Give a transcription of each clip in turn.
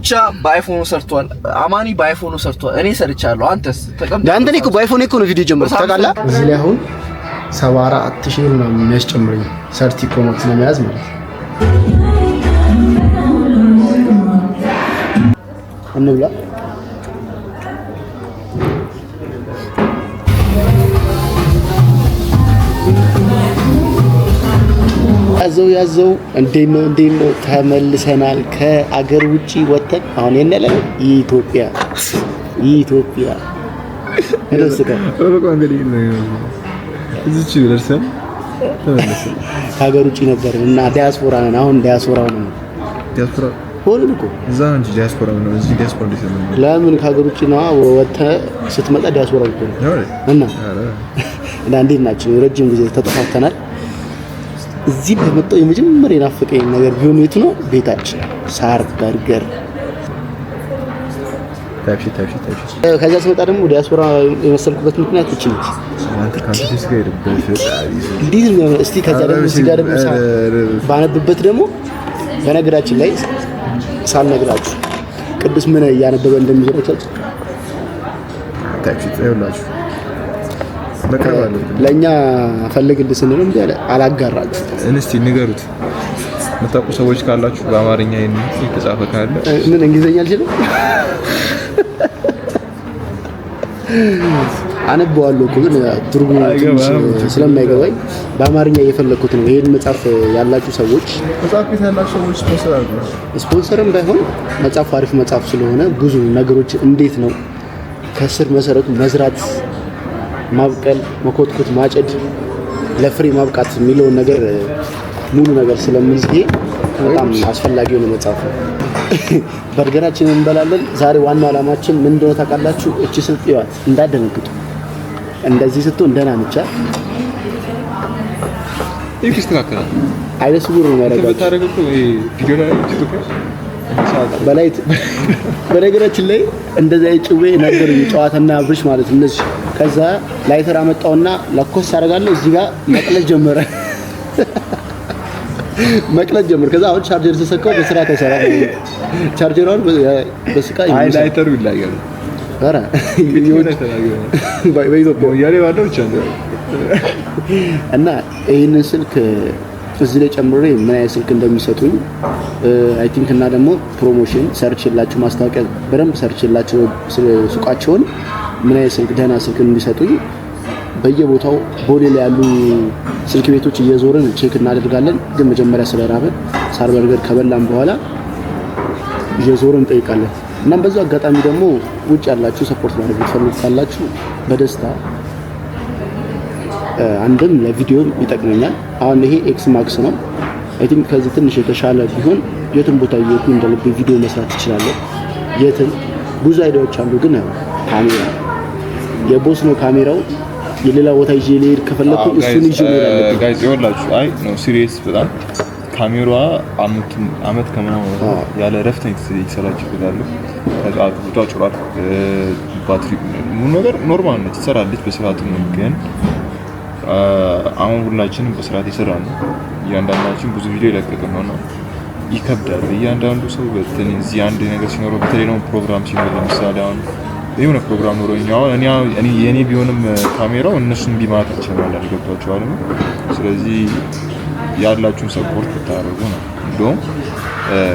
ብቻ በአይፎኑ ሰርቷል። አማኒ በአይፎኑ ሰርቷል። እኔ ሰርቻለሁ። አንተስ ተቀምጠህ አንተ እኮ በአይፎን እኮ ነው ቪዲዮ ጀመርኩት ታውቃለህ። እዚህ ላይ አሁን ሰባ አራት ሺህ ነው የሚያስጨምረኝ ሰርቲ ኮሞክስ ለመያዝ ማለት እንብላ ያዘው ያዘው እንዴት ነው እንዴት ነው ተመልሰናል። ከአገር ውጪ ወጥተን አሁን የነለ ኢትዮጵያ ኢትዮጵያ ከሀገር ውጭ ነበር እና ዲያስፖራ ነን። አሁን ዲያስፖራ ሆነ ነው ዲያስፖራ ሆነ እኮ እዛ ነው እንጂ ዲያስፖራ ነው። እዚህ ዲያስፖራ እንዴት ነው? ለምን ከሀገር ውጭ ነው ወጥተህ ስትመጣ ዲያስፖራ ነው እና እና እንዴት ናችሁ? ረጅም ጊዜ ተጠፋፍተናል። እዚህ በመጣው የመጀመር የናፈቀኝ ነገር ቢሆን የቱ ነው? ቤታችን ሳር በርገር። ከዚያ ስመጣ ደግሞ ዲያስፖራ የመሰልኩበት ምክንያት እች ነች። እንዴት ነው እስቲ ከዛ ደግሞ እዚህ ጋር ደግሞ ባነብበት ደግሞ በነገራችን ላይ ሳልነግራችሁ ቅዱስ ምን እያነበበ እንደሚዘረቻችሁ ለእኛ ፈልግልህ ስንል እንጂ አላጋራችሁ። እንስቲ ንገሩት የምታውቁ ሰዎች ካላችሁ በአማርኛ የተጻፈ ካለ ምን እንግሊዝኛ አልችልም አነበዋለሁ እኮ ግን ትርጉም ስለማይገባኝ በአማርኛ እየፈለግኩት ነው። ይሄን መጽሐፍ ያላችሁ ሰዎች ስፖንሰርም ባይሆን መጽሐፍ አሪፍ መጽሐፍ ስለሆነ ብዙ ነገሮች እንዴት ነው ከስር መሰረቱ መዝራት ማብቀል፣ መኮትኮት፣ ማጨድ፣ ለፍሬ ማብቃት የሚለውን ነገር ሙሉ ነገር ስለምንስዬ በጣም አስፈላጊ የሆነ መጽሐፍ ነው። በርገራችንን እንበላለን። ዛሬ ዋናው ዓላማችን ምን እንደሆነ ታውቃላችሁ? እቺ ስልጥ ይዋት እንዳደነግጡ እንደዚህ ስቶ እንደና ብቻ ይስተካከላል። አይነ ስውር ነው በላይ በነገራችን ላይ እንደዚህ ጭዌ ነገር ጨዋታና ብሽ ማለት እነዚህ ከዛ ላይተር አመጣውና ለኮስ አደርጋለሁ። እዚህ ጋር መቅለጥ ጀመረ መቅለጥ ጀመረ። ከዛ አሁን ቻርጀር ተሰካው በስራ ተሰራ። ቻርጀሩን በስቃ አይ ላይተሩ ይላያል። ኧረ እና ይህንን ስልክ እዚህ ላይ ጨምሬ ምን አይነት ስልክ እንደሚሰጡኝ አይ ቲንክ እና ደግሞ ፕሮሞሽን ሰርች የላችሁ ማስታወቂያ በደንብ ሰርች የላችሁ ሱቃቸውን ምን አይነት ስልክ ደህና ስልክ እንዲሰጡኝ በየቦታው ቦሌ ላይ ያሉ ስልክ ቤቶች እየዞርን ቼክ እናደርጋለን። ግን መጀመሪያ ስለራበን ሳር በርገር ከበላን በኋላ እየዞርን እንጠይቃለን። እናም በዛ አጋጣሚ ደግሞ ውጭ ያላችሁ ሰፖርት ማድረግ የምትፈልጉ ካላችሁ በደስታ አንድም ለቪዲዮም ይጠቅመኛል። አሁን ይሄ ኤክስ ማክስ ነው። አይ ቲንክ ከዚህ ትንሽ የተሻለ ቢሆን የትም ቦታ እየሄድኩ እንደልብ ቪዲዮ መስራት እችላለሁ። የትም ብዙ አይዲያዎች አሉ ግን ካሜራ የቦስ ነው ካሜራው የሌላ ቦታ ይዤ ልሄድ ከፈለኩ እሱን ይዤ ልሄድ ጋይስ ይወላችሁ። አይ ኖ ሲሪየስ በጣም ካሜራዋ አመት አመት ከምናምን ያለ ረፍት ነው የተሰራችበት ያለው ከዛት ጭሯል። ባትሪ ምን ነገር ኖርማል ነው ትሰራለች በስርዓት ነው። ግን አሁን ሁላችንም በስርዓት የሰራ ነው። እያንዳንዳችን ብዙ ቪዲዮ ይለቀቅን ነው እና ይከብዳል። እያንዳንዱ ሰው በተለይ እዚህ አንድ ነገር ሲኖረው በተለይ ነው ፕሮግራም ሲኖር ለምሳሌ አሁን የሆነ ፕሮግራም ኖሮኝ አሁን እኔ የኔ ቢሆንም ካሜራው እነሱን ቢማት ይችላል ገብቷቸዋል። ስለዚህ ያላችሁን ሰፖርት ብታደርጉ ነው። እንደውም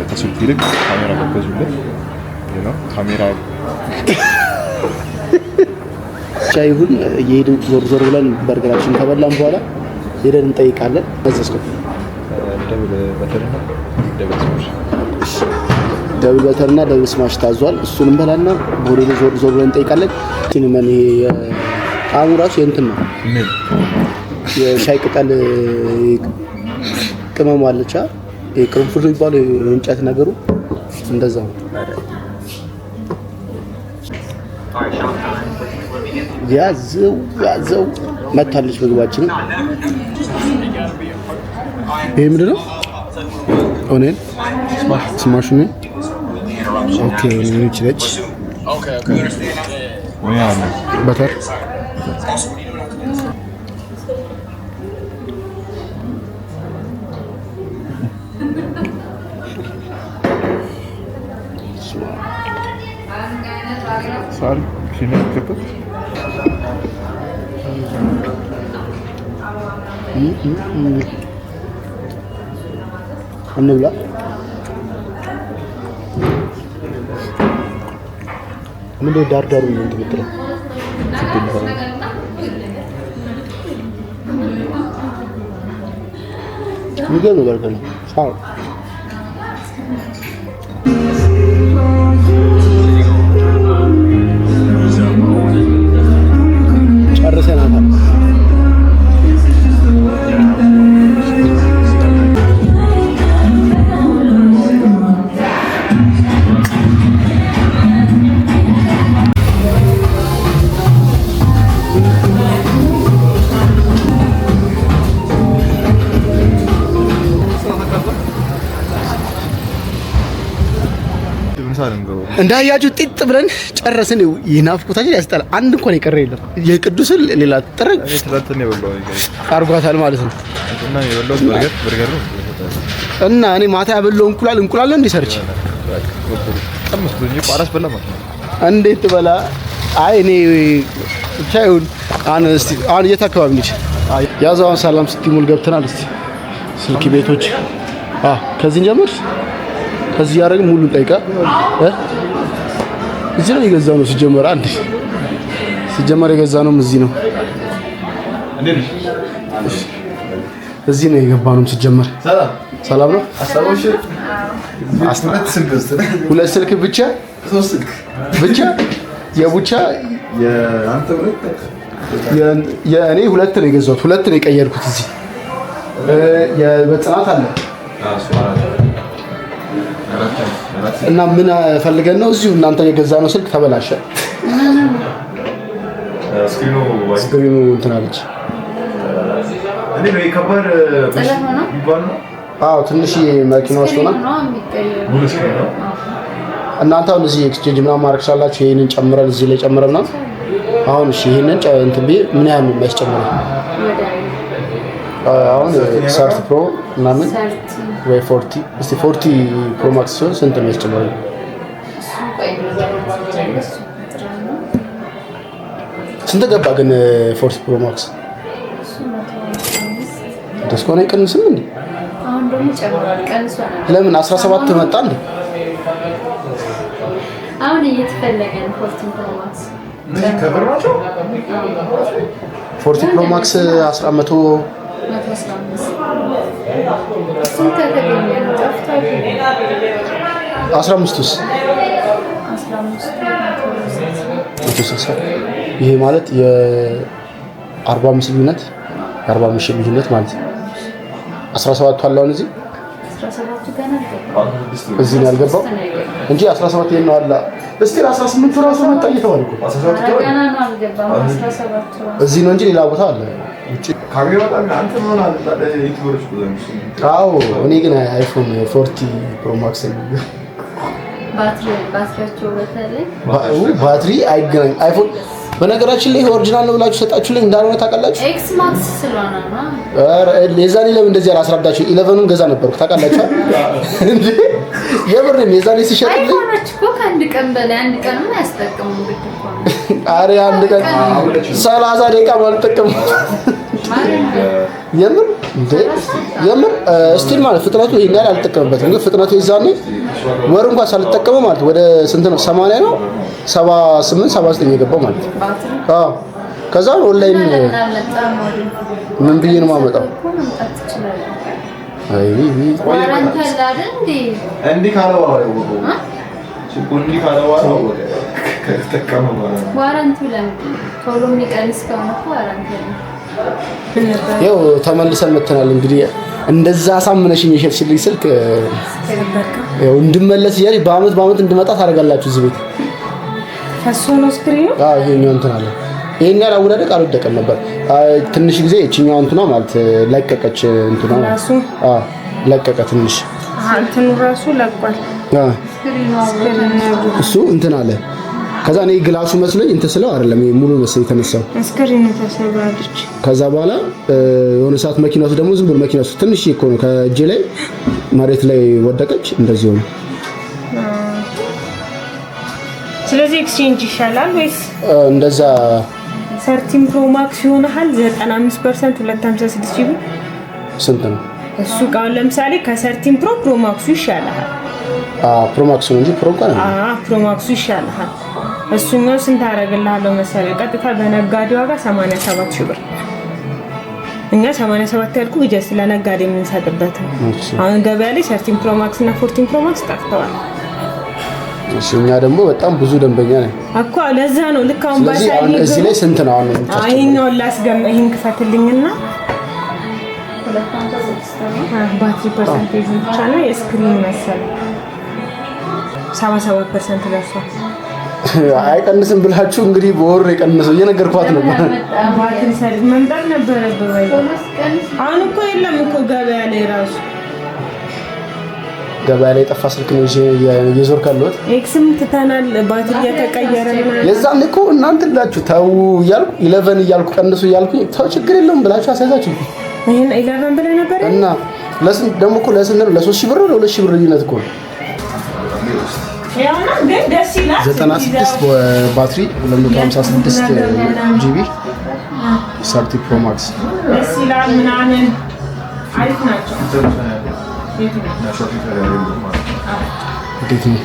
ከስልክ ይልቅ ካሜራ ገበዙለት ነው። ካሜራ ብቻ ይሁን እየሄድን ዞር ዞር ብለን በርገራችን ከበላም በኋላ ሄደን እንጠይቃለን። መዘስኩ ደብል በተለና ደብል ደብል በተርና ደብል ስማሽ ታዟል። እሱን እንበላና በሆዴ ዞር ዞር ብለን እንጠይቃለን። ሲኒመን ይሄ ጣዕሙ ራሱ የእንትን ነው የሻይ ቅጠል ቅመሙ አለቻ ቅርንፉድ የሚባለው የእንጨት ነገሩ እንደዛ ነው። ያዘው ያዘው መታለች ምግባችን። ይህ ምንድን ነው? ኦኔን ስማሽ Okay, we need to reach. Okay, okay. We are. Better. Sorry, she not Hmm, hmm, hmm. Anne bula. ምን ዳር ዳሩ ነው የምትለው? ችግር ነው እንዳያችሁ ጢጥ ብለን ጨረስን። የናፍቆታችን ያስጠላ። አንድ እንኳን የቀረ የለም። የቅዱስን ሌላ ጥረግ አርጓታል ማለት ነው። እና እኔ ማታ ያበላው እንቁላል እንቁላል ነው እንዲሰርች እንዴት ትበላ? አይ እኔ ብቻ ይሁን። አሁን የት አካባቢ ነች? ያዛውን ሰላም ሲቲ ሙል ገብተናል። እስቲ ስልክ ቤቶች ከዚህ ጀምር እዚህ ያደረግን ሙሉን ጠይቃ እዚህ ነው የገዛ ነው ሲጀመር አንድ ሲጀመር የገዛ ነው እዚህ ነው እዚህ ነው የገባ ነው ሲጀመር ሰላም ነው ሁለት ስልክ ብቻ ብቻ የቡቻ የእኔ ሁለት ነው የገዛሁት ሁለት ነው የቀየርኩት እዚህ የበጽናት አለ እና ምን ፈልገን ነው እዚሁ እናንተ የገዛ ነው ስልክ ተበላሸ። ስክሪኑ እንትን አለች። አዎ ትንሽ መኪና ውስጥ ሆና እናንተ አሁን እዚህ ኤክስቼንጅ ምናምን ማድረግ ስላላችሁ ይሄንን ጨምረን እዚህ ላይ ጨምረና አሁን እሺ፣ ይሄንን እንትን ብዬ ምን ያህል ነው የሚያስጨምረው? አሁን ሰርት ፕሮ ምናምን ወይ ፎርቲ እስቲ ፎርቲ ፕሮማክስ ሲሆን ስንት ነው ያስጨምረው? ስንት ገባ ግን uh, ፎርቲ ፕሮማክስ ደስኮን አይቀንስም እንዴ? ለምን 17 መጣ እንዴ? አሁን እየተፈለገ ነው ፎርቲ ፕሮማክስ ፎርቲ እሱም ተገኘ ጠፍቷል። አስራ አምስቱስ ይሄ ማለት የ45 ልዩነት የአርባ አምስት ልዩነት ማለት ነው። አስራ አለ አሁን እዚህ እዚህ ነው ያልገባው እንጂ አስራ ይሄን ነው አለ እስቲ አስራ ራሱ መጣ እየተባለ እኮ እዚህ ነው እንጂ ሌላ ቦታ አለ አዎ እኔ ግን አይፎን ፎርቲ ፕሮማክስ ባትሪ አይገናኝም። አይፎን በነገራችን ላይ ኦሪጂናል ነው ብላችሁ ሰጣችሁልኝ እንዳልሆነ ታውቃላችሁ። የዛኔ ለምን እንደዚህ አላስረዳችሁ? ኢለቨኑን ገዛ ነበርኩ ታውቃላችሁ። የምርም የዛኔ ሲሸጥልኝ ኧረ አንድ ቀን ሰላሳ ደቂቃ ነው አልጠቀምኩም የምር የምር ስቲል ማለት ፍጥነቱ ይሄን ያህል አልጠቀምበትም፣ ግን ፍጥነቱ ይዛኔ ወር እንኳን ሳልጠቀመው ማለት ወደ ስንት ነው? 80 ነው 78 79 የገባው ማለት አዎ። ከዛ ኦንላይን ምን ብዬ ነው የማመጣው? አይ ዋረንቱ ያው ተመልሰን መተናል። እንግዲህ እንደዛ አሳምነሽኝ የሸጥሽልኝ ስልክ ያው እንድመለስ እያለኝ በአመት በአመት እንድመጣ ታደርጋላችሁ እዚህ ቤት ፈሶ ነው ስክሪኑ። አዎ ይሄኛው እንትን አለ። ይሄን ያህል አወዳደቅ አልወደቀም ነበር። ትንሽ ጊዜ እቺኛው እንትኗ ማለት ለቀቀች፣ እንትኗ ራሱ አዎ ለቀቀ ትንሽ እንትኑ ራሱ ለቋል። አዎ እሱ እንትን አለ ከዛ እኔ ግላሱ መስለኝ እንትን ስለው አይደለም ይሄ ሙሉ መስለኝ የተነሳው አስከሬን ተሰባለች። ከዛ በኋላ የሆነ ሰዓት መኪና ውስጥ ደግሞ ዝም ብሎ መኪና ውስጥ ትንሽ እኮ ነው ከእጄ ላይ መሬት ላይ ወደቀች። እንደዚህ ሆነ። ስለዚህ ኤክስቼንጅ ይሻላል ወይስ እንደዛ? ሰርቲን ፕሮ ማክስ ይሆናል 95% 256 ጂቢ ስንት ነው እሱ? ቃል ለምሳሌ ከሰርቲን ፕሮ ፕሮ ማክሱ ይሻላል። ፕሮ ፕሮማክሱ ነው እንጂ ፕሮ እንኳን ፕሮማክሱ ይሻላል። እሱኛው ስንት አደርግልሃለሁ መሰለህ? ቀጥታ በነጋዴ ዋጋ 87 ሺህ ብር እኛ 87 ያልኩ ብቻ ስለነጋዴ የምንሰጥበት ነው። አሁን ገበያ ላይ ሰርቲን ፕሮማክስ እና ፎርቲን ፕሮማክስ ጠፍተዋል። እኛ ደግሞ በጣም ብዙ ደንበኛ ነን እኮ ለዛ ነው ልክ አሁን ባሳ እዚህ ላይ ስንት ነው አሁን? ይሄኛውን ላስገም ይሄን ክፈትልኝና ባትሪ ፐርሰንቴጅ ብቻ ነው የስክሪን መሰለህ 77 ፐርሰንት ደርሷል። አይቀንስም ብላችሁ እንግዲህ በወር ነው የቀነሰው። እየነገርኳት ነው። መምጣት ነበረብህ ወይ? አሁን እኮ የለም እኮ ገበያ ላይ ራሱ ገበያ ላይ የጠፋ ስልክ ነው እየዞርክ ያለሁት። ኤክስም ትተናል። ባትሪ እየተቀየረ የዛን እኮ እናንተ እላችሁ ተው እያልኩ ኢለቨን እያልኩ ቀንሱ እያልኩ ተው ችግር የለውም ብላችሁ አስያዛችሁ። ይሄን ኢለቨን ብለህ ነበር እና ለስንት ደግሞ እኮ ለስንት ነው? ለሶስት ሺህ ብር ነው። ለሁለት ሺህ ብር ልዩነት እኮ ነው 96 ባትሪ 256 ጂቢ ሰርቲ ፕሮ ማክስ ደስ ይላል ምናምን አሪፍ ናቸው። ነው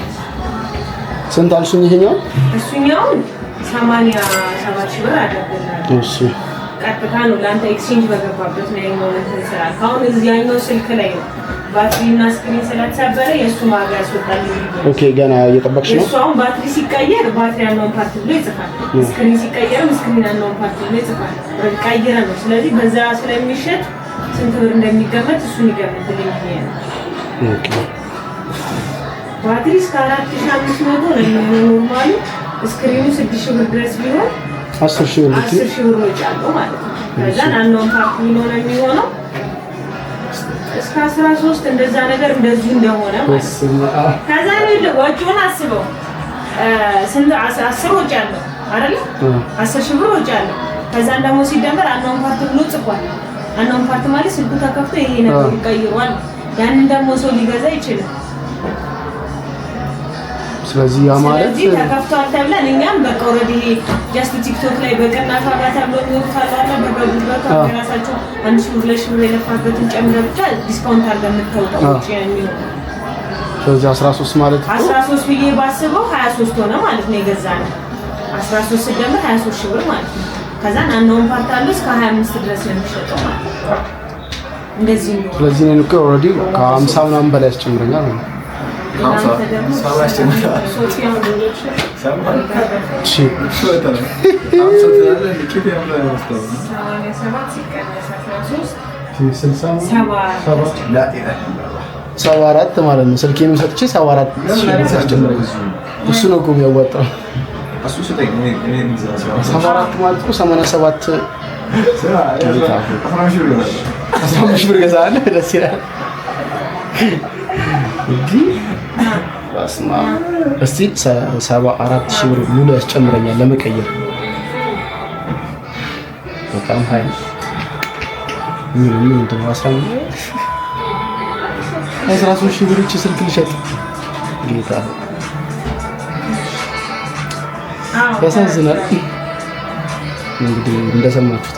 ስንት አልሽኝ? ይሄኛው እሱኛውን 87 ሺህ ብር አለብን። እሺ ቀጥታ ነው ለአንተ ኤክስቼንጅ በገባበት ነው ያኛው እንትን ስላልክ፣ አሁን እዚህ ያኛው ስልክ ላይ ነው ባትሪ እና ስክሪን ስላተሰበረ የእሱ ዋጋ ያስወጣል። ኦኬ ገና እየጠበቅሽ ነው። እሱ አሁን ባትሪ ሲቀየር ባትሪ ያለውን ፓርት ብሎ ይጽፋል፣ ስክሪን ሲቀየርም ስክሪን ያለውን ፓርት ብሎ ይጽፋል። ቀይረ ነው። ስለዚህ በዛ ስለሚሸጥ ስንት ብር እንደሚገመት እሱን ይገምትልኝ ነው። ኦኬ ባትሪ እስከ አራት ሺህ አምስት መቶ ነው ኖርማሉ። ስክሪኑ ስድስት ሺህ ብር ድረስ ቢሆን አስር ሺህ ብር ወጪ አለው ማለት ነው። ከዛን አናውን ፓርቲ ነው የሚሆነው እስከ አስራ እንደዛ ነገር እንደዚህ እንደሆነ ማለት ነው። ከዛ ወጪውን አስበው አስር ወጪ አለው አይደለ? አስር ሺህ ብር ወጪ አለው። ከዛን ደግሞ ሲደመር አናውን ፓርቲ ብሎ ጽፏል። አናውን ፓርቲ ማለት ስልኩ ተከፍቶ ይሄ ነገር ይቀይሯል። ያንን ደግሞ ሰው ሊገዛ ይችላል። ስለዚህ ያ ማለት ተከፍቷል ተብለን እኛም በቃ ይሄ ጀስት ቲክቶክ ላይ በቅናሽ ዋጋ ተብሎ የሚወጡት አለ። በቃ ራሳቸው አንድ ሺህ ሁለት ሺህ ብር የለፋበትን ብቻ ዲስካውንት አድርገህ የምታወጣው ውጪ ስለዚህ አስራ ሶስት ማለት አስራ ሶስት ብዬ ባስበው ሀያ ሶስት ሆነ ማለት ነው። የገዛነው አስራ ሶስት ስደምር ሀያ ሶስት ሺህ ብር ማለት ነው። ከዛን አናውን ፓርት አለው እስከ ሀያ አምስት ድረስ ነው የሚሸጠው ማለት ነው። እንደዚህ ነው። ስለዚህ እኔን ኦልሬዲ ከሀምሳ ምናምን በላይ ያስጨምረኛል ማለት ነው። ሰባ አራት ማለት ነው። ስልኬንም ሰጥቼ ሰባ አራት እሱ ነው እኮ የሚያዋጣው። ሰባ አራት ማለት እኮ ሰማንያ ሰባት ብር ገዛለሁ። ደስ ይላል። እስቲ ሰባ አራት ሺህ ብር ሙሉ ያስጨምረኛል ለመቀየር። በጣም ሀይ ምን ምን እንትን አስራ አስራ ሺህ ብር ስልክ ልሸጥ ጌታ ያሳዝናል። እንግዲህ እንደሰማችሁት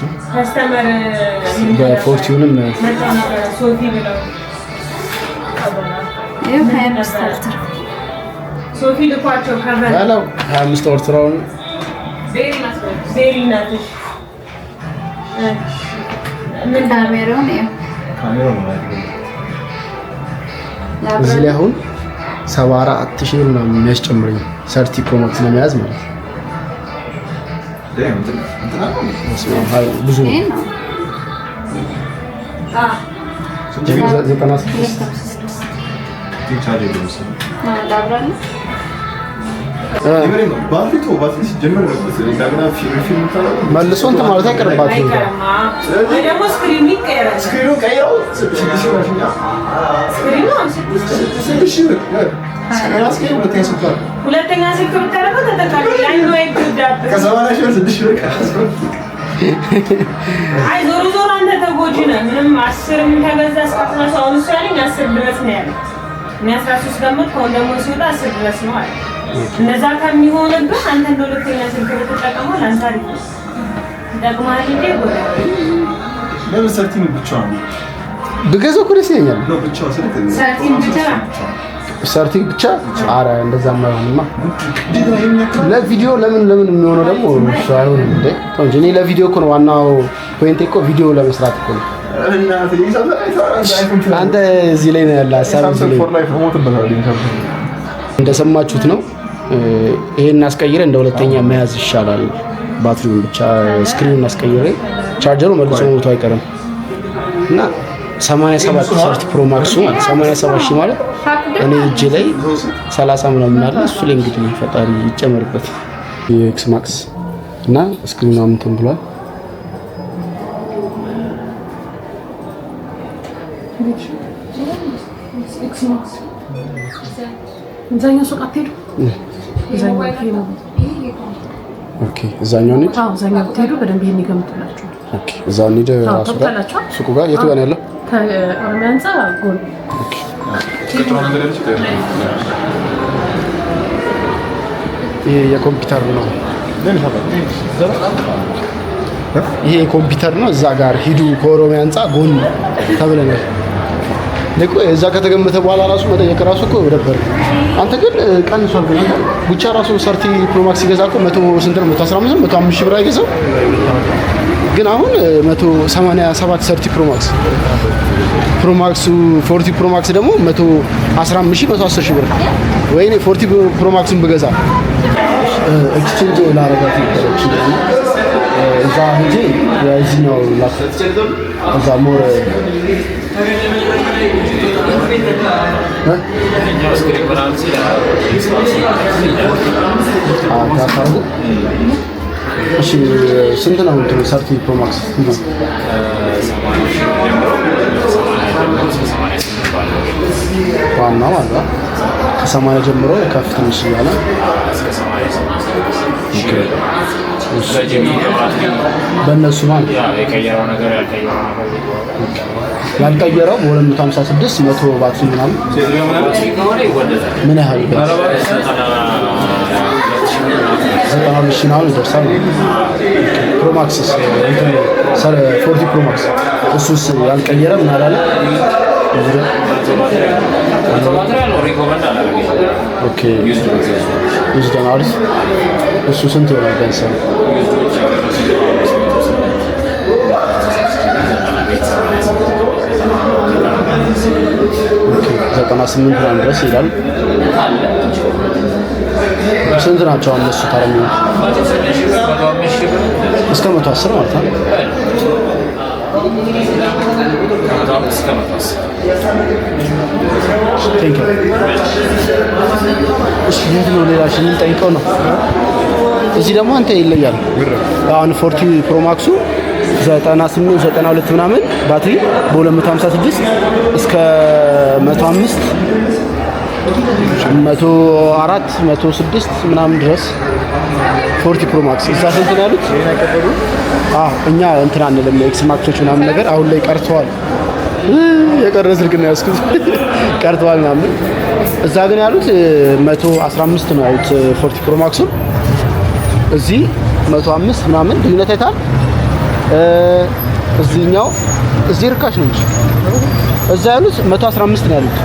ነው። ሶፊ ልኳቸው ከበለው ሀያ አምስት እዚህ ላይ አሁን ሰባ አራት ሺህ ምናምን የሚያስጨምረኝ ሰርቲ ፕሮሞክስ ለመያዝ ማለት ብዙ ዘጠና ስድስት መልሶ እንትን ማለት አይቀርባችሁ። ሁለተኛ ስልክ ብታደርገው አይ ዞሮ ዞሮ አንተ ተጎጂ ነህ። ምንም አስር ተገዛ እስከ አሁን እሱ ያለኝ አስር ድረስ ነው ያለኝ እኔ አስራ ሶስት ገመት ከወንድሙ ሲወጣ አስር ድረስ ነው አለ እንደዛ ከሚሆንብህ አንተ እንደ ሁለተኛ ስልክ ብትጠቀመው ለአንተ አሪፍ ሰርቲን ብቻ ብገዛው ደስ ይለኛል። ብቻ ኧረ እንደዛ ማይሆንማ ለቪዲዮ ለምን ለምን የሚሆነው ደግሞ አይሆንም እንዴ እንጂ እኔ ለቪዲዮ እኮ ነው ዋናው ፖይንቴ እኮ ቪዲዮ ለመስራት እኮ ነው። አንተ እዚህ ላይ ነው ያለ ሀሳብ እንደሰማችሁት ነው። ይሄን አስቀይረ እንደ ሁለተኛ መያዝ ይሻላል። ባትሪውን ብቻ ስክሪኑን አስቀይረ ቻርጀሩ መልሶ መሞቱ አይቀርም እና 87 ሰርት ፕሮ ማክሱ ማለት 87 ሺህ ማለት እኔ እጅ ላይ 30 ምናምን አለ። እሱ ላይ እንግዲህ ፈጣሪ ይጨመርበት የኤክስ ማክስ እና ስክሪኑ እንትን ብሏል። እዛኛው ሱቅ አትሄዱ እዛኛው ሄድ እዛኛው ብትሄዱ በደንብ ይሄን ይገምቱላችሁ። እዛ እንሂድ። ሱቁ ጋር የቱ ጋር ነው ያለው? ህንፃ ጎን ይሄ የኮምፒውተር ነው። ይሄ ነው። እዛ ጋር ሂዱ። ከኦሮሚያ ህንፃ ጎን ተብለናል። እዛ ከተገመተ በኋላ ራሱ መጠየቅ ራሱ እኮ ነበር። አንተ ግን ቀን ብለህ ጉቻ ራሱ ሰርቲ ፕሮማክስ ሲገዛ እኮ መቶ ስንት ነው? መቶ አስራ አምስት መቶ አምስት ሺህ ብር አይገዛም። ግን አሁን መቶ ሰማንያ ሰባት ሰርቲ ፕሮማክስ ፕሮማክሱ ፎርቲ ፕሮማክስ ደግሞ መቶ አስራ አምስት ሺህ መቶ አስር ሺህ ብር ወይኔ ፎርቲ ፕሮማክሱን ብገዛ ኤክስቼንጅ ላረጋት ይባላል እዛ ሄጄ የዚህኛው እዛ ሞር እሺ ስንት ነው እንትኑ ሰርቲ ፕሮማክስ ነው? ዋና ማለት ከሰማንያ ጀምሮ ከፍ ትንሽ እያለ በእነሱ ማለት ያልቀየረው በ256 መቶ ባትሪ ምናምን ምን ያህል ዘጠና ሁለት ሺህ ምናምን ይደርሳል። ፕሮማክስ ፎርቲ ፕሮማክስ እሱስ ያልቀየረ ምን አላለ ኦኬ እሱ ስንት ይሆናል? ገንዘብ ዘጠና ስምንት ምናምን ድረስ ይላል። ስንት ናቸው እነሱ ታረሚ? እስከ መቶ አስር ማለት ነው። ቴንክ ዩ። እሺ የት ነው ሌላ እሺ የምንጠይቀው ነው እዚህ ደግሞ አንተ ይለያል። አሁን ፎርቲ ፕሮማክሱ 98 92 ምናምን ባትሪ በ256 እስከ 105 104 106 ምናምን ድረስ ፎርቲ ፕሮማክስ እዛ ስንት ነው ያሉት? እኛ እንትን አንልም ኤክስ ማክሶች ምናምን ነገር አሁን ላይ ቀርተዋል። የቀረ ስልክ ነው ያስኩት ቀርተዋል ምናምን እዛ ግን ያሉት 115 ነው ያሉት ፎርቲ ፕሮማክሱን እዚህ 105 ምናምን ልዩነት አይታል። እዚህኛው እዚህ ርካሽ ነው እንጂ እዛ ያሉት 115 ነው ያሉት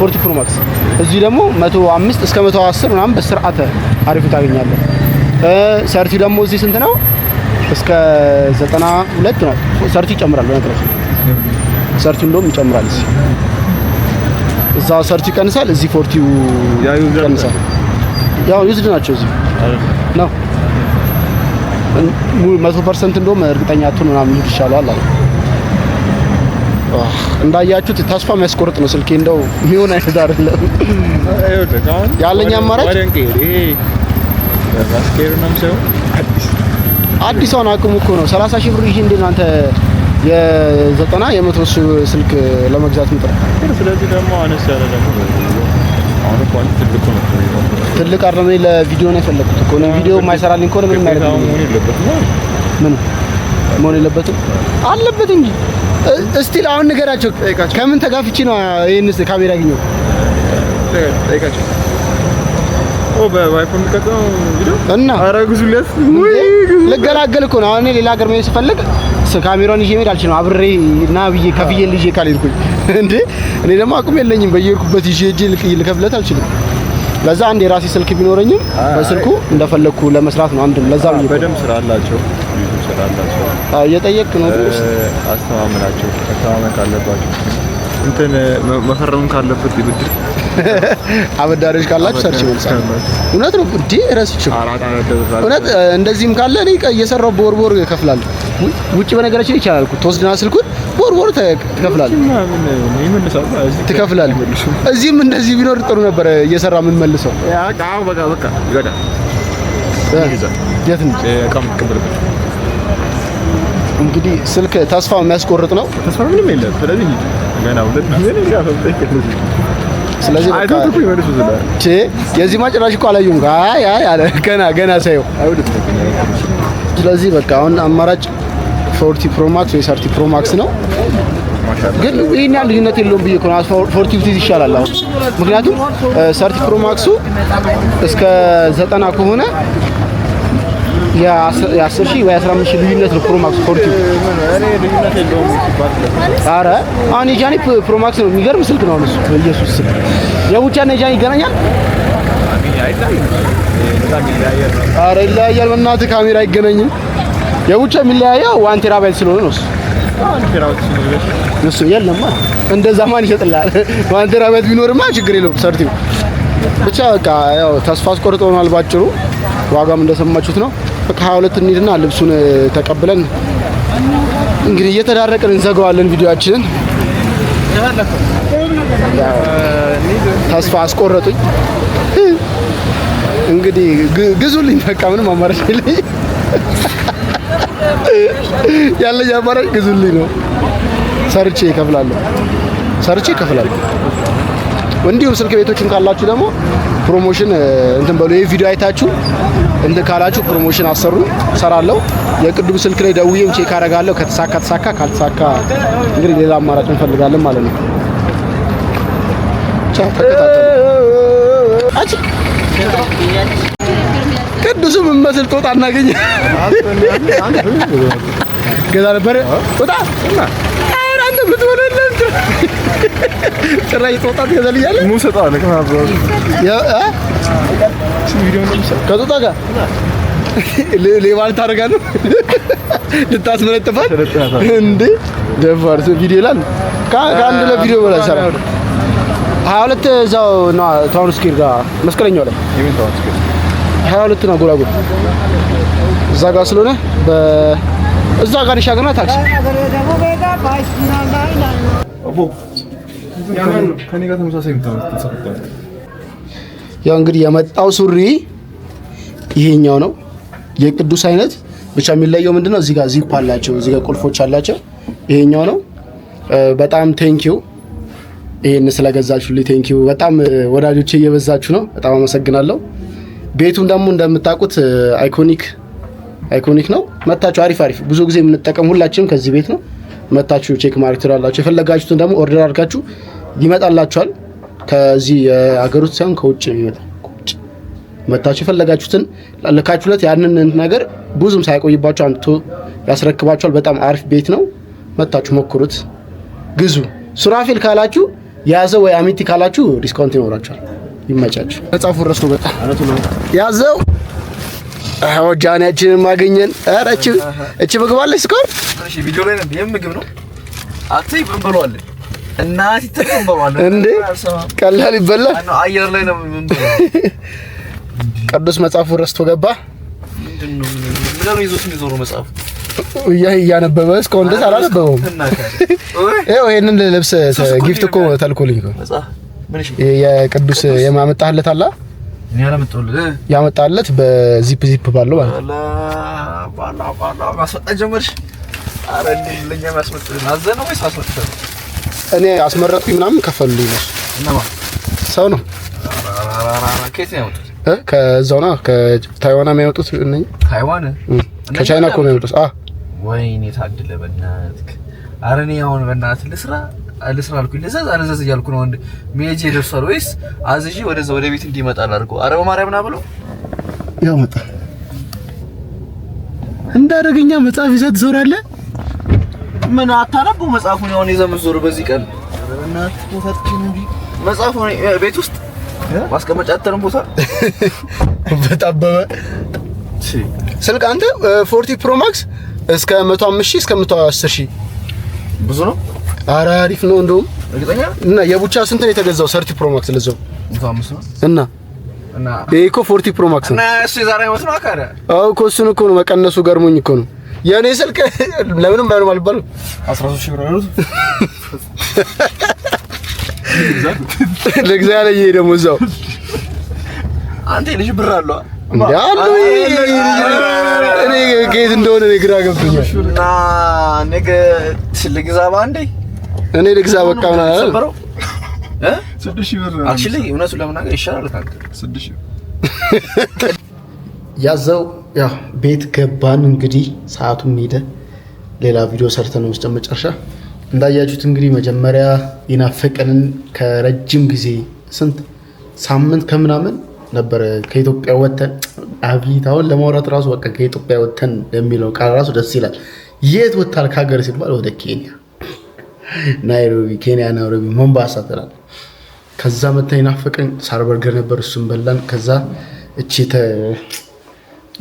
ፎርቲ ፕሮ ማክስ። እዚህ ደግሞ 105 እስከ 110 ምናምን በስርዓተ አሪፉ ታገኛለህ። ሰርቲ ደግሞ እዚህ ስንት ነው? እስከ 92 ነው። ሰርቲ ይጨምራል። በነገራችን ሰርቲ እንደውም ይጨምራል። እዚህ እዛ ሰርቲ ይቀንሳል፣ እዚህ ፎርቲው ይቀንሳል። ያው ዩዝድ ናቸው እዚህ ነው መቶ ፐርሰንት እንደውም እርግጠኛ አትሁን ምናምን ይሻላል አለ። እንዳያችሁት ተስፋ የሚያስቆርጥ ነው ስልኬ። እንደው የሚሆን አይነት አይደለም ያለኝ አማራጭ አዲሷን አቅሙ እኮ ነው። 30 ሺህ ብር ይሄ እንዴ አንተ የዘጠና የመቶ ስልክ ለመግዛት ምጥራ። ስለዚህ ደግሞ አነስ ያለ ደግሞ ትልቅ አይደለም። እኔ ለቪዲዮ ነው የፈለኩት እኮ ነው። ቪዲዮ የማይሰራልኝ ከሆነ ምንም አይነት ምን መሆን የለበትም አለበት እንጂ እስቲል አሁን ንገራቸው። ከምን ተጋፍቼ ነው ይሄን ካሜራ ያገኘው? ጠይቃቸው። ኦ በአይፎን ቪዲዮ እና ኧረ ግዙለት ልገላገል እኮ ነው። አሁን ሌላ ሀገር መሄድ ስፈልግ ካሜራውን ይዤ መሄድ አልችልም። አብሬ ና ብዬ ከፍዬ ልጄ ካልሄድኩኝ እንዴ እኔ ደግሞ አቅም የለኝም። በየሄድኩበት ይዤ እጄ ልከፍለት አልችልም። ለዛ አንድ የራሴ ስልክ ቢኖረኝም በስልኩ እንደፈለግኩ ለመስራት ነው። አንድም ለዛ ብዬ በደምብ ስራ አላቸው ስራ አላቸው። አዎ እየጠየቅ ነው። አስተማመናቸው አስተማመን ካለባቸው እንትን መፈረም ካለበት ይብድር አበዳሪዎች ካላችሁ ሰርች ይመልሳል። እውነት ነው እንዴ ረስቼው እውነት እንደዚህም ካለ እኔ እየሰራሁ በወር በወር እከፍላለሁ። ውጭ በነገራችን ይቻላል እኮ ተወስድና ስልኩን ወር ቦር ትከፍላለህ፣ እዚህም እንደዚህ ቢኖር ጥሩ ነበረ። እየሰራ ምን መልሰው በቃ በቃ እንግዲህ ስልክ ተስፋ የሚያስቆርጥ ነው። ተስፋ ምንም የለም። ስለዚህ ስለዚህ በቃ የዚህ ማጭራሽ እኮ አላየሁም። አይ አይ አለ ገና ገና ሳየው። ስለዚህ በቃ አሁን አማራጭ ፎርቲ ፕሮማክስ ወይስ አርቲ ፕሮማክስ ነው። ግን ይህን ያህል ልዩነት የለውም ብዬ ነው። ፎርቲ ፊት ይሻላል አሁን ምክንያቱም ሰርቲ ፕሮማክሱ እስከ ዘጠና ከሆነ የአስር ሺህ ወይ አስራ አምስት ሺህ ልዩነት ነው። ፕሮማክስ ፎርቲ ኧረ አሁን የጃኒ ፕሮማክስ ነው። የሚገርም ስልክ ነው። ኢየሱስ ስልክ የቡቻና ይገናኛል። አረ ይለያያል። በእናትህ ካሜራ አይገናኝም። የውጭ የሚለያየው ዋን ቴራባይት ስለሆነ ነው። እሱ የለማ እንደዛ ማን ይሸጥልሃል? ዋን ቴራባይት ቢኖርማ ችግር የለውም። ሰርቲው ብቻ በቃ ያው ተስፋ አስቆርጦናል። ባጭሩ ዋጋም እንደሰማችሁት ነው። በቃ 22 እንሂድና ልብሱን ተቀብለን እንግዲህ እየተዳረቅን እንዘጋዋለን ቪዲዮአችንን። ተስፋ አስቆረጡኝ። እንግዲህ ግዙልኝ፣ በቃ ምንም አማራጭ የለኝ። ያለኝ አማራጭ ግዙልኝ ነው። ሰርቼ እከፍላለሁ፣ ሰርቼ እከፍላለሁ። እንዲሁም ስልክ ቤቶችን ካላችሁ ደግሞ ፕሮሞሽን እንትን በሉ። ይሄ ቪዲዮ አይታችሁ እንትን ካላችሁ ፕሮሞሽን አሰሩ፣ ሰራለሁ። የቅዱብ ስልክ ላይ ደውዬም ቼክ አደርጋለሁ። ከተሳካ ተሳካ፣ ካልተሳካ እንግዲህ ሌላ አማራጭ እንፈልጋለን ማለት ነው። ቻው፣ ተከታተሉ። ቅዱስ የምመስል ጦጣ እናገኘ ገዛ ነበር ጦጣ ጭራሽ ጦጣ ትገዛልኛለህ? ከጦጣ ጋር ሌባ ልታደርጋለህ? ልታስመለጥፋት እንደ ደፋር ቪዲዮ ይላል። ከአንድ ለቪዲዮ በላይ ሰራ ሀያ ሁለት እዛው ታውን ስኩዌር ጋር መስቀለኛው ላይ 22 ነው ጎላጎል እዛ ጋር ስለሆነ እዛ ጋር ይሻገርና ታክሲ ያው እንግዲህ የመጣው ሱሪ ይሄኛው ነው የቅዱስ አይነት ብቻ የሚለየው ምንድነው እዚህ ጋር ዚፕ አላቸው እዚህ ጋር ቁልፎች አላቸው ይሄኛው ነው በጣም ቴንኪው ይሄን ስለገዛችሁልኝ ቴንኪው በጣም ወዳጆቼ እየበዛችሁ ነው በጣም አመሰግናለሁ ቤቱም ደግሞ እንደምታውቁት አይኮኒክ አይኮኒክ ነው። መታችሁ አሪፍ አሪፍ ብዙ ጊዜ የምንጠቀም ሁላችንም ከዚህ ቤት ነው። መታችሁ ቼክ ማድረግ ትላላችሁ። የፈለጋችሁትን ደግሞ ኦርደር አድርጋችሁ ይመጣላችኋል። ከዚህ የሀገር ውስጥ ሳይሆን ከውጭ ይመጣል። መታችሁ የፈለጋችሁትን ልካችሁለት ያንን ነገር ብዙም ሳይቆይባችሁ አንቶ ያስረክባችኋል። በጣም አሪፍ ቤት ነው። መታችሁ ሞክሩት፣ ግዙ። ሱራፌል ካላችሁ የያዘ ወይ አሚቲ ካላችሁ ዲስካውንት ይኖራችኋል። ይመጫጭ መጽሐፉ ረስቶ በቃ ያዘው። አዎ ጃኒያችንን ማገኘን። ኧረ እቺ እቺ ምግብ አለች ስኳር። እሺ ቪዲዮ ላይ ነው ምግብ ነው አትይ ብንበለዋለን እና ሲተቀበሏል እንዴ ቀላል ይበላል። አየር ላይ ነው የምንበለው። ቅዱስ መጽሐፉ ረስቶ ገባ። ምንድነው ምንድነው ይዞት የሚዞሩ መጽሐፉ እያነበበ እስካሁን ድረስ አላነበበውም። ይኸው ይሄንን ልብስ ጊፍት እኮ ተልኮልኝ እኮ የቅዱስ የማመጣለት አላ ያመጣለት በዚፕ ዚፕ ባለው ማለት ነው። እኔ አስመረጥኩኝ ምናምን ከፈሉኝ ነው ሰው ነው ከዛው ነው ከታይዋን የሚያወጡት እነኝ ታይዋን ከቻይና እኮ ነው የሚያወጡት። ወይኔ ታድለ በእናትህ። ኧረ እኔ አሁን በእናትህ ልስራ ልስራ አልኩኝ። ልዘዝ አልዘዝ እያልኩ ነው። አንድ ሜጄ ደርሷል ወይስ አዝዤ ወደዛ ወደ ቤት እንዲመጣ አላልኩ? አረበ ማርያም ና ብሎ ያው መጣ። እንደ አደገኛ መጽሐፍ ይዘህ ትዞራለህ። ምን አታነቡ መጽሐፉን አሁን ይዘህ የምትዞሩ በዚህ ቀን መጽሐፉ ቤት ውስጥ ማስቀመጫ አተርን ቦታ በጣበበ ስልክ አንተ ፎርቲ ፕሮ ማክስ እስከ 105 ሺህ እስከ 110 ሺህ ብዙ ነው አረ አሪፍ ነው እንደውም እና የቡቻ ስንት ነው የተገዛው? ሰርቲ ፕሮ ማክስ ለዛው እና እና ይሄ እኮ ፎርቲ ፕሮ ማክስ ነው። እኮ እሱን እኮ ነው መቀነሱ ገርሞኝ እኮ ነው። የእኔ ስልክ ለምንም ባይሆንም አልባልም ልግዛ ላይ ይሄ ደግሞ እዛው አንተ ልጅ ብር አለው እኔ እንደሆነ ግራ ገብቶኛል። እና ነገ ልግዛ ባንዴ እኔ ልግዛ በቃ ምናምን አይደል እ ስድስት ብር አክቹሊ እውነቱን ለመናገር ይሻላል። ያዘው ያው ቤት ገባን። እንግዲህ ሰዓቱም ሄደ። ሌላ ቪዲዮ ሰርተን ውስጥ መጨረሻ እንዳያችሁት እንግዲህ መጀመሪያ የናፈቀንን ከረጅም ጊዜ ስንት ሳምንት ከምናምን ነበረ ከኢትዮጵያ ወተን አብይት አሁን ለማውራት ራሱ በቃ ከኢትዮጵያ ወተን የሚለው ቃል ራሱ ደስ ይላል። የት ወታል ከሀገር ሲባል ወደ ኬንያ ናይሮቢ፣ ኬንያ ናይሮቢ፣ ሞምባሳ ትላል። ከዛ መታ ናፈቀኝ። ሳርበርገር ነበር እሱን በላን። ከዛ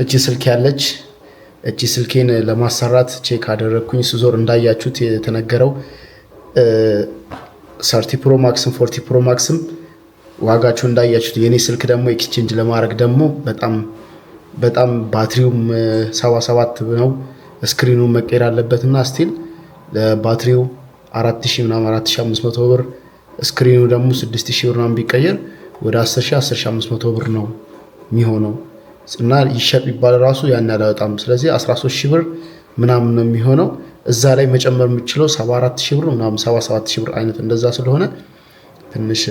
እቺ ስልክ ያለች እቺ ስልኬን ለማሰራት ቼክ አደረግኩኝ። ስዞር እንዳያችሁት የተነገረው ሰርቲ ፕሮ ማክስም ፎርቲ ፕሮ ማክስም ዋጋቸው እንዳያችሁት የኔ ስልክ ደግሞ ኤክስቼንጅ ለማድረግ ደግሞ በጣም በጣም ባትሪውም ሰባ ሰባት ነው። ስክሪኑ መቀየር አለበትና ስቲል ለባትሪው አራት ሺህ ምናምን መቶ ብር ስክሪኑ ደግሞ ስድስት ሺህ ብር ምናምን ቢቀየር ወደ አስር ሺህ አስር ሺህ ብር ነው የሚሆነው እና ይሸጥ ይባል ራሱ ያን ያለ በጣም ስለዚህ 13 ሺህ ብር ምናምን ነው የሚሆነው። እዛ ላይ መጨመር የምችለው 74 ሺህ ብር ምናምን 77 ብር አይነት እንደዛ ስለሆነ ትንሽ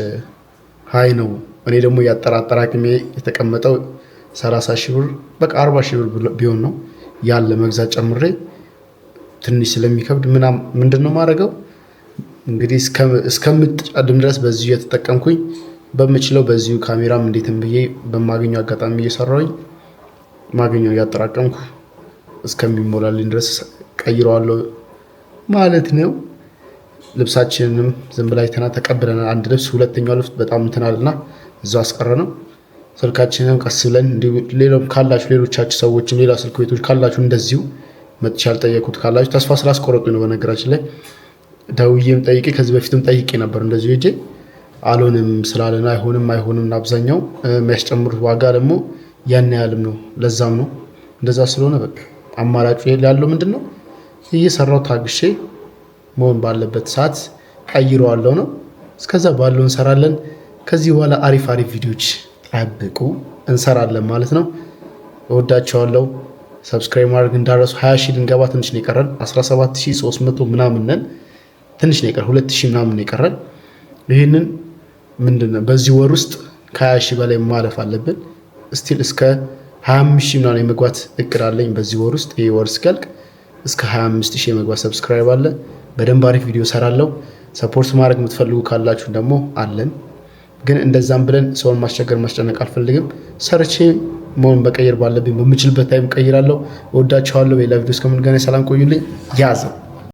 ሀይ ነው። እኔ ደግሞ ያጠራጠራ አቅሜ የተቀመጠው 30 ሺህ ብር በቃ 40 ብር ቢሆን ነው ያለ መግዛት ጨምሬ ትንሽ ስለሚከብድ ምናምን ምንድን ነው እንግዲህ እስከምትጨድም ድረስ በዚሁ እየተጠቀምኩኝ በምችለው በዚሁ ካሜራም እንዴትም ብዬ በማገኘው አጋጣሚ እየሰራውኝ ማገኘው እያጠራቀምኩ እስከሚሞላልኝ ድረስ ቀይረዋለሁ ማለት ነው። ልብሳችንንም ዝም ብላ አንድ ልብስ ሁለተኛው ልብስ በጣም እንትናልና እዛ አስቀረ ነው። ስልካችንም ቀስ ብለን ሌሎም ካላችሁ ሌሎቻችሁ ሰዎችም ሌላ ስልክ ቤቶች ካላችሁ እንደዚሁ መጥቻ ያልጠየቁት ካላችሁ ተስፋ ስላስቆረጡኝ ነው በነገራችን ላይ ደውዬም ጠይቄ ከዚህ በፊትም ጠይቄ ነበር እንደዚሁ ሄጄ አልሆንም ስላለን አይሆንም አይሆንም አብዛኛው የሚያስጨምሩት ዋጋ ደግሞ ያን ያህልም ነው። ለዛም ነው እንደዛ ስለሆነ በቃ አማራጩ ያለው ምንድን ነው እየሰራው ታግሼ መሆን ባለበት ሰዓት ቀይረዋለው ነው። እስከዛ ባለው እንሰራለን። ከዚህ በኋላ አሪፍ አሪፍ ቪዲዮች ጠብቁ እንሰራለን ማለት ነው። እወዳቸዋለው። ሰብስክራይብ ማድረግ እንዳረሱ 20 ሺህ ልንገባ ትንሽ ነው የቀረን 17300 ምናምን ነን። ትንሽ ነው የቀረ ሁለት ሺህ ምናምን ነው የቀረን። ይህንን ምንድን ነው በዚህ ወር ውስጥ ከሀያ ሺህ በላይ ማለፍ አለብን። ስቲል እስከ ሀያ አምስት ሺህ ምናምን የመግባት እቅድ አለኝ በዚህ ወር ውስጥ። ይህ ወር እስኪያልቅ እስከ ሀያ አምስት ሺህ የመግባት ሰብስክራይብ አለ። በደንብ አሪፍ ቪዲዮ ሰራለሁ። ሰፖርት ማድረግ የምትፈልጉ ካላችሁ ደግሞ አለን። ግን እንደዛም ብለን ሰውን ማስቸገር ማስጨነቅ አልፈልግም። ሰርቼ መሆን በቀየር ባለብኝ በምችልበት ታይም ቀይራለሁ። እወዳችኋለሁ። ሌላ ቪዲዮ እስከምንገናኝ ሰላም ቆዩልኝ። ያዘው